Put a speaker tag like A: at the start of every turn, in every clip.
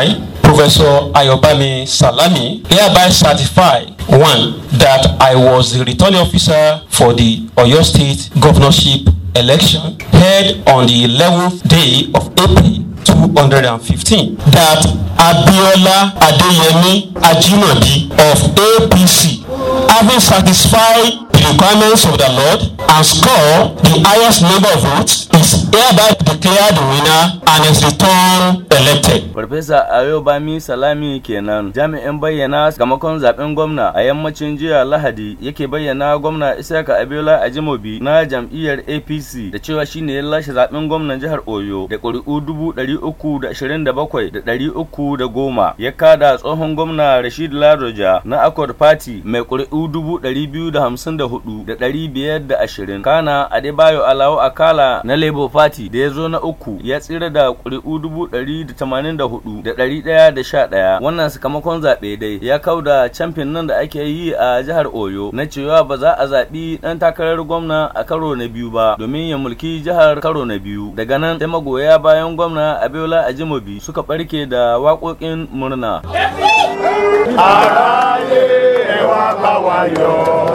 A: I, Professor Ayobami Salami, hereby certify one that I was the returning officer for the Oyo State governorship election held on the eleventh day of April two hundred and fifteen that Abiola Adeyemi Ajimobi of APC having satisfied the requirements of the Lord and score the highest number of votes is hereby declared the winner and is returned elected. Farfesa
B: Ayobami Salami kenan jami'in bayyana sakamakon zaben gwamna a yammacin jiya Lahadi yake bayyana gwamna Isaka Abiola Ajimobi na jam'iyyar APC da cewa shine ya lashe zaben gwamnan jihar Oyo da ƙuri'u dubu ɗari uku da ashirin da bakwai da ɗari uku da goma ya kada tsohon gwamna Rashid Ladoja na Accord Party mai ƙuri'u dubu ɗari biyu da hamsin da hudu da ɗari biyar da ashirin kana Adebayo Alawo Akala na Labour Party da ya zo na uku ya tsira da ƙuri'u dubu ɗari da tamanin da hudu da ɗari ɗaya da sha ɗaya wannan sakamakon zaɓe dai ya da camfin nan da ake yi a jihar oyo na cewa ba za a zaɓi ɗan takarar gwamna a karo na biyu ba domin ya mulki jihar karo na biyu daga nan sai magoya bayan gwamna a a ajimobi suka ɓarke da waƙoƙin murna.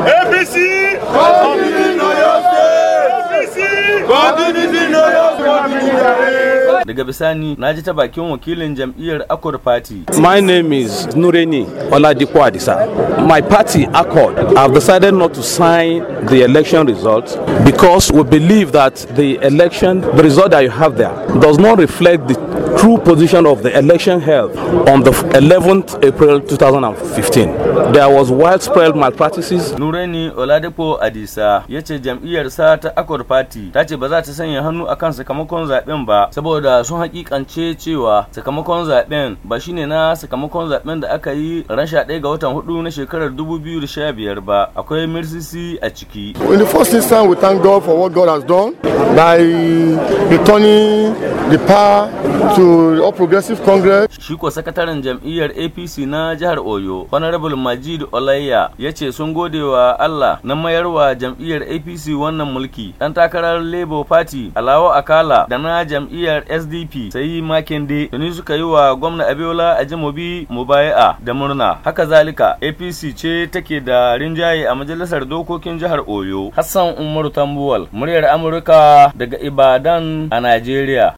B: APC! Daga bisani na ji ta bakin wakilin jam'iyyar Accord Party.
A: My name is Nureni Oladipo Adisa. My party Accord have decided not to sign the election results because we believe that the election, the result that you have there does not reflect the true position of the election held on the 11th April 2015. There was widespread
B: malpractices. Nureni Oladipo Adisa ya ce jam'iyyarsa ta Accord Party ta ce ba za ta sanya hannu akan sakamakon zaben ba saboda sun hakikance cewa sakamakon zaben ba shine na sakamakon zaben da aka yi ran ɗaya ga watan hudu na shekarar 2015 ba akwai mirsisi a ciki in the first instance we thank God for what God has done by returning the power to the All Progressive Congress shi ko sakataren jam'iyyar APC na jihar Oyo Honorable Majid Olaiya ya ce sun gode wa Allah na mayarwa jam'iyyar APC wannan mulki dan takarar Labour Party Alawo Akala da na jam'iyyar SDP sai makende, tuni suka yi wa gwamna Abiola Ajimobi Mubai'a da murna. Haka zalika APC ce take da rinjaye a majalisar dokokin jihar Oyo. Hassan Umaru Tambuwal, muryar Amurka daga Ibadan a Najeriya.